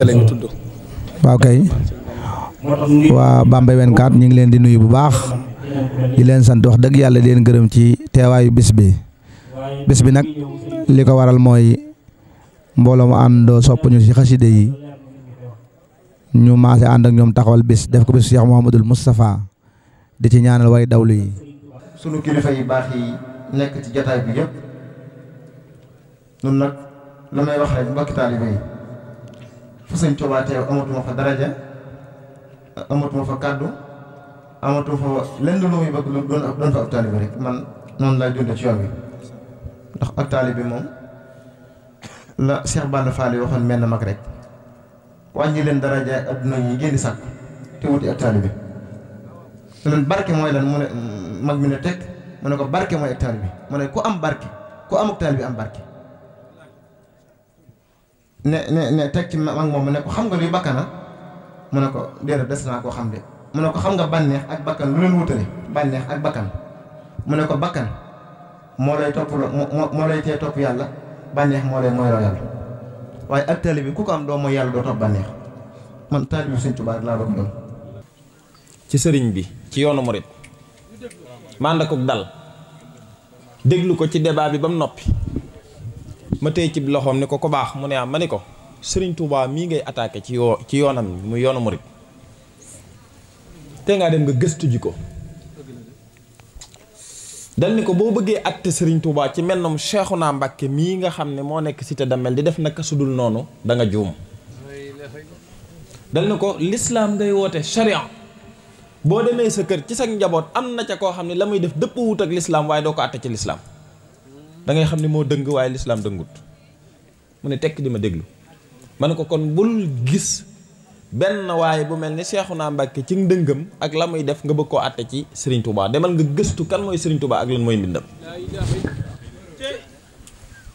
lañu oh. kay waa Bambey 24 ñu ngi leen di nuyu bu baax di leen sant wax dëgg yàlla di leen gërëm ci teewaayu bis bi bis bi nag li ko waral mooy mbooloo mu àndoo sopp ñu ci xaside yi ñu maase ànd ak ñoom taxawal bis def ko bis Cheikh Mouhamadul Moustapha di ci ñaanal way dawlu yi fu sëñ amatuma fa daraja amatuma fa kàddu amatuma fa lenn lu muy bëgg lu doon doon fa ab taalibe rek man noonu laa dund ci yoon wi ndax ab taalibe moom la Cheikh Balla Fall yi waxoon mel na mag rek wàññi leen daraja adduna yi ngeen di sàkk te wuti ab taalibe lan barke mooy lan mu ne mm, mag mi ne teg mu ne ko barke mooy ak taalibe mu ne ku am barke ku am ak bi am barke ne ne ne teg ci mag moom ne ko xam nga luy bakkana ah? mu ne ko déedéet des naa koo xam de mu ne ko xam nga bànneex ak bakkan lu leen wutale bànneex ak bakkan mu ne ko bakkan moo lay topp moo lay tee topp yàlla bànneex moo lay mooy yàlla waaye ak taali bi ku ko am doo mooy yàlla doo topp bànneex man taali bi Sëñ Tuubaa laa doon doon ci sëriñ bi ci yoonu murit mànd dal déglu ko ci débat bi ba mu noppi ma tey cib loxoom ni ko ko baax mu ne ah ma ni ko sëriñ tuubaa mii ngay attaqué ci yoo ci yoonam mu yoonu murit te ngaa dem nga gëstu ji ko dal ni ko boo bëggee atte sëriñ Touba ci mel noonu naa Mbacké mii nga xam ne moo nekk cité Damel di def naka su dul noonu da nga juum dal ni ko lislaam ngay woote charia boo demee sa kër ci sa njaboot am na ca koo xam ne la muy def dëpp wut ak lislaam waaye doo ko atte ci lislaam da ngay xam ne moo dëng waaye lislaam dëngut mu ne tekk di ma déglu ma ne ko kon bul gis benn waaye bu mel ni naa Mbàkke ci dëngam ak la muy def nga bëgg koo àtte ci Serigne Touba demal nga gëstu kan mooy Serigne Touba ak lan mooy mbindam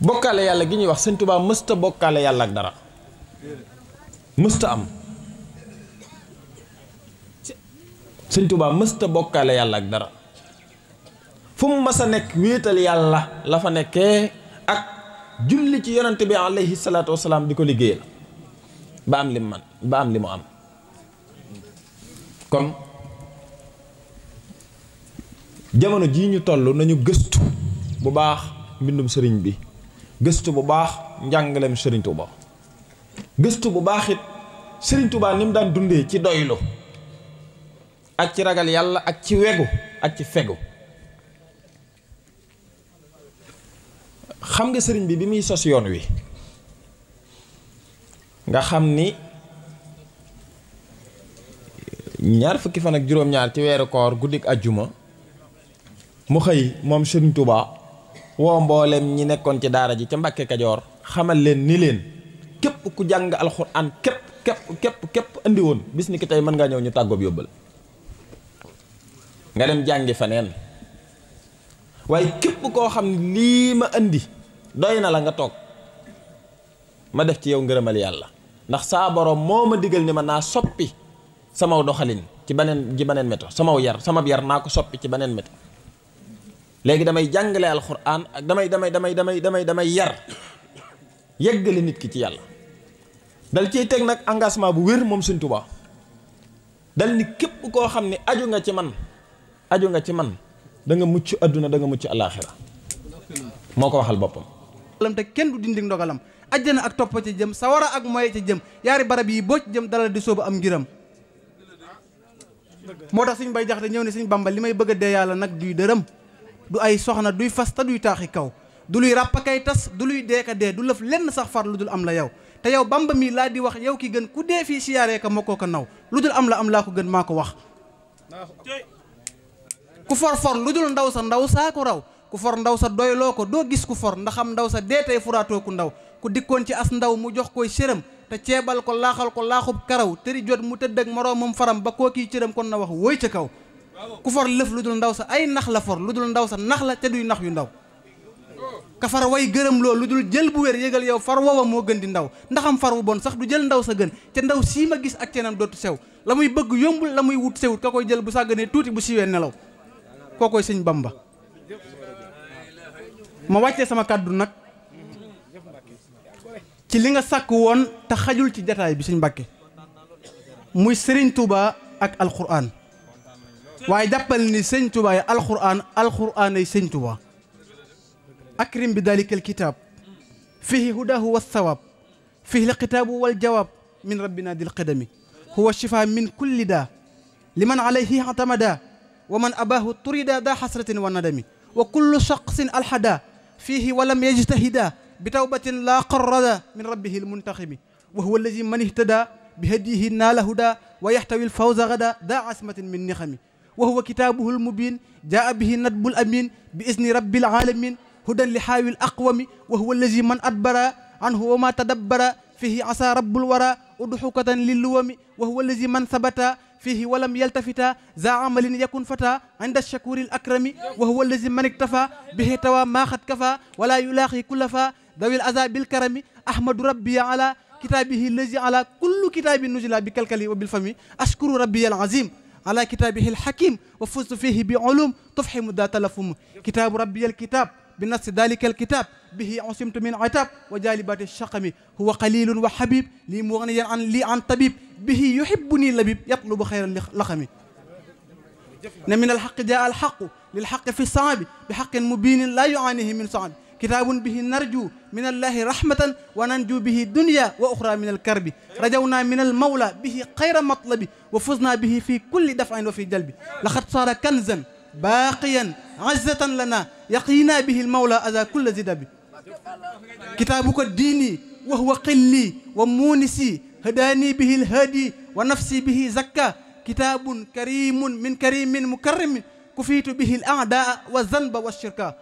bokkaale yàlla gi ñuy wax Serigne Touba mësta bokkaale yàlla ak dara mësta am Serigne Touba mësta bokkaale yàlla ak dara fu mu mas nekk wéetal yàlla la fa nekkee ak julli ci yonante bi alayhi salaatu wasalaam di ko liggéeyal ba am li man ba am li mu am kon jamono jii ñu toll nañu gëstu bu baax mbindum sëriñ bi gëstu bu baax njàngaleem sëriñ Tuuba gëstu bu baaxit it sëriñ Tuuba ni mu daan dundee ci doylu ak ci ragal yàlla ak ci wegu ak ci fegu xam nga sëriñ bi bi muy sos yoon wi nga xam ni ñaar fukki fan ak juróom-ñaar ci weeru koor guddik ajjuma mu xëy moom sëriñ Touba woo mboolem ñi nekkoon ci daara ji ci Mbàkke Kajoor xamal leen ni leen képp ku jàng alxuraan képp képp képp képp woon bis ni ki tey mën nga ñëw ñu tàggoob yóbbal nga dem jàngi faneen waaye képp koo xam ne lii ma andi doy na la nga toog ma def ci yow ngërëmal yàlla ndax saa boroom moo ma digal ni ma naa soppi samaw doxalin ci beneen ci beneen méto samaw yar sama yar naa ko soppi ci beneen méto léegi damay jàngale alxuraan ak damay damay damay damay damay damay yar yëggale nit ki ci yàlla dal ciy teg nag engagement bu wér moom Sëñ Tuubaa dal ni képp koo xam ni aju nga ci man aju nga ci man danga mucc àdduna danga mucc àllaaxira moo ko waxal boppam dogalam kenn du dindi ndogalam ajjana ak topp ca jëm sawara ak moye jëm yaari barab yi boo jëm dala di soobu am ngiram moo tax suñ bay jaxte ñëw ne suñ bamba li may bëgg a dee yàlla nag duy dërëm du ay soxna duy fas ta duy taaxi kaw du luy ràppakay tas du luy deeka dee du lëf lenn sax far lu dul am la yow te yow bamba mi laa di wax yow ki gën ku dee fii siyaaree ka mokkoo ko naw lu dul am la am laa ko gën maa ko wax ku lu dul ndaw sa ndaw saa raw ku for ndaw sa doyloo ko doo gis ku for ndax am ndaw sa dee tey furaatoo ku ndaw ku dikkoon ci as ndaw mu jox koy cëram te ceebal ko laaxal ko laaxub karaw tëri jot mu tëdd ak moroomam faram ba koo kii cëram kon na wax wóoy ca kaw ku for lëf lu dul ndaw sa ay nax la for lu dul ndaw sa nax la te duy nax yu ndaw ka way gërëm loo lu dul jël bu wér yëgal yow far woowa moo gën di ndaw ndaxam far wu bon sax du jël ndaw sa gën ca ndaw sii ma gis ak ceenam dootu sew la muy bëgg yombul la muy wut sewut ka jël bu sàgganee tuuti bu siwee nelaw koo koy sëñ Bamba ma wàccee sama kàddu nag ci li nga sàkk woon te xajul ci jataay bi suñ mbàkke muy sëriñ Touba ak alxuraan waaye jàppal ni sëñ Touba yi alxuraan alxuraan ay sëñ Touba akrim bi dalikal kitaab fihi hudahu wa sawaab fihi l kitaabu wal jawaab min rabbina dil qidami huwa shifa min kulli daa liman alayhi atamada wa man abaahu turida daa xasratin wa nadami wa kullu shaqsin alxada fiihi wa lam yajtahida bi tawbatin laa qarrada min rabbihi almuntaxibi wa huwa alladi man ihtada bi hadiyihi naala huda wa yaxtawi alfawza gada daa asmatin min nixami wa huwa kitaabuhu almubin jaa bihi nadbu alamin bi isni rabbi alaalamin hudan li xaawi alaqwami wa huwa alladi man adbara anhu wa ma tadabbara fihi asa rabbul wara uduxukatan lilluwami wa huwa allazi man sabata fihi walam yaltafita za amalin yakun fata inda shakuril akrami wa huwa allazi man iktafa bihi tawa ma xat kafa wala yulaaxi kulla fa dawil aza bil karami ahmadu rabbi ala kitaabihi allazi ala kullu kitaabin nuzila bi kalkali wa bil fami ashkuru rabbi al azim ala kitaabihi al hakim wa fustu fihi bi ulum tufhimu da talafum kitaabu rabbi al kitaab bi nasi dalika alkitab bihi usimtu min atab wa jalibati chaqami huwa qalilun wa habib lii mu wax ne yéen an lii an tabib bihi yuhibu nii labib yatlubu xayra laxami ne min alxaqi jaa alxaqu lilxaqi fi saabi bi xaqin mubinin laa yuaanihi min saabi kitaabun bihi narju min allahi rahmatan wa nanju bihi dunya wa oxra min alkarbi rajawna min almawla bihi xayra matlabi wa fusna bihi fi kulli daf'in wa fi jalbi laxad saara kanzan baaqiyan izzatan lana yaqina bihi lmawla ada kulla zidabi kitaabuka diini wa huwa qilli wa muunisi hadaani bihi lhaadi wa nafsi bihi zakka kitaabun karimun min karimin mukarramin kufiitu bihi ladaa wa zanba wa shirka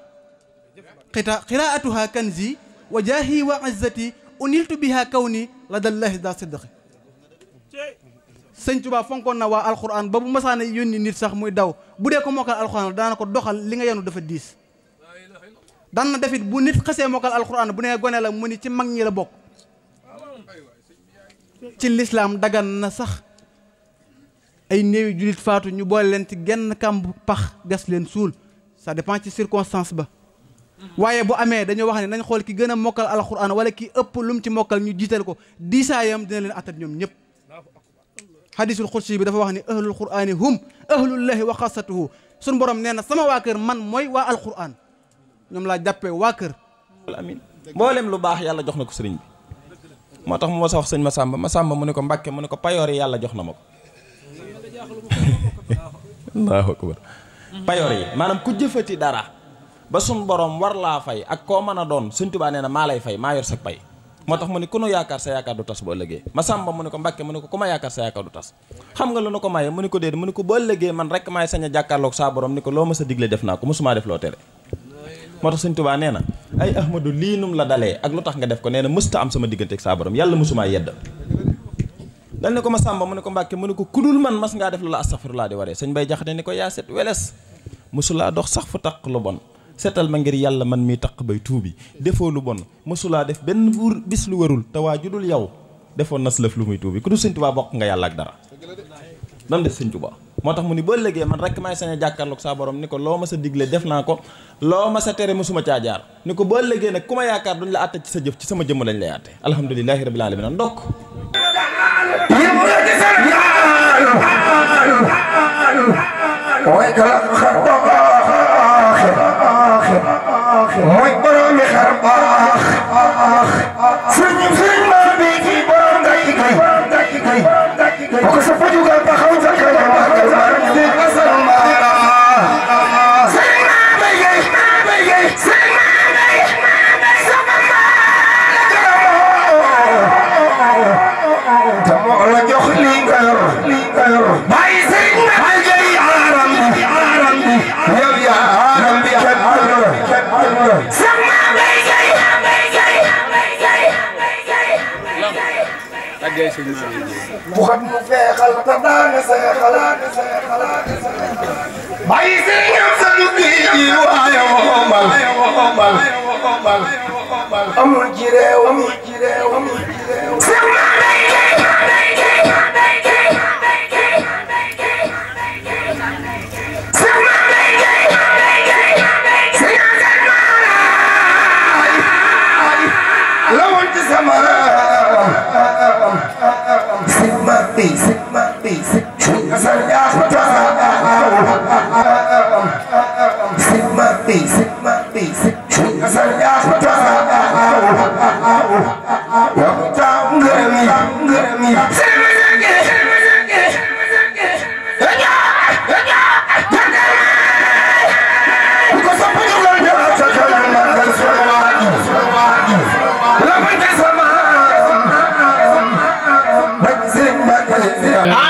qiraatuha kanzi wa jaahi wa izzati uniltu biha kawni ladallahi da sidqi sëñ Tuubaa fonkoon na waa alxuraan ba bu masaane yónni nit sax muy daw bu dee ko mokkal alxuraan dana ko doxal li nga yenu dafa diis daan na defit bu nit xasee mokkal alxuraan bu ne gone la mu ni ci mag ñi la bokk ci lislaam dagan na sax ay néewi jullit faatu ñu boole leen ci genn kàmb pax gas leen suul ça dépend ci circonstance ba waaye bu amee dañoo wax ne nañ xool ki gën a mokkal alxuraan wala ki ëpp lu mu ci mokkal ñu jiital ko diisaayam dina leen attat ñoom ñëpp hadisul xursi bi dafa wax ne ahlul qur'ani hum ahlullahi wa xasatuhu sun borom nee na sama waa kër man mooy waa alquran ñoom laa jàppee waa kër amin mboolem lu baax yàlla jox na ko sëriñ bi moo tax mu ma sa ma sàmba ma Masamba mu ne ko Mbàkke mu ne ko payoor yi yàlla jox na ma ko payoor yi maanaam ku jëfati dara ba sun borom war laa fay ak koo mën a doon sëñ Tuubaa nee na maa lay fay maa yor sa pay moo tax mu ne ku nu yaakaar sa yaakaar du tas bu ëllëgee Masamba mu ne ko Mbàkke mu ne ko ku ma yaakaar sa yaakaar du tas xam nga lu nu ko maye mu ne ko déedéet mu ne ko bu ëllëgee man rek a jàkkaarloog saa borom ni ko moo tax sëñ Tuubaa nee na ay ahmadu lii num la dalee ak lu tax nga def ko nee na mësta am sama diggante saa borom yàlla mosumaa yedd dal ne ko Masamba mu ne ko Mbàkke mu ne ko kudul man mas ngaa def loola laa di waree sëñ Bay Jaxate ni ko yaa set weles mosulaa dox sax fu taq lu bon seetal ma ngir yàlla man mi taq bay tuubi defoo lu bon mësulaa def benn buur bis lu warul te waa judul yow defoon nas lëf lu muy tuubi ku du sëñ Tuubaa bokk nga yàlla ak dara dam def sëñ Tuubaa moo tax mu ni boo léegi man rek may sañ a saa borom ni ko loo ma sa digle def naa ko loo ma sa tere mosuma caa jaar ni ko boo léegi nag ku ma yaakaar duñ la àtte ci sa jëf ci sama jëmm lañ lay àtte alhamdulilahi rabbil alamin ndokk way bu xat mu feexal te daana seexal bay seexal sa duggi ji waaye woomal amul ji réew amul ji réew Ah!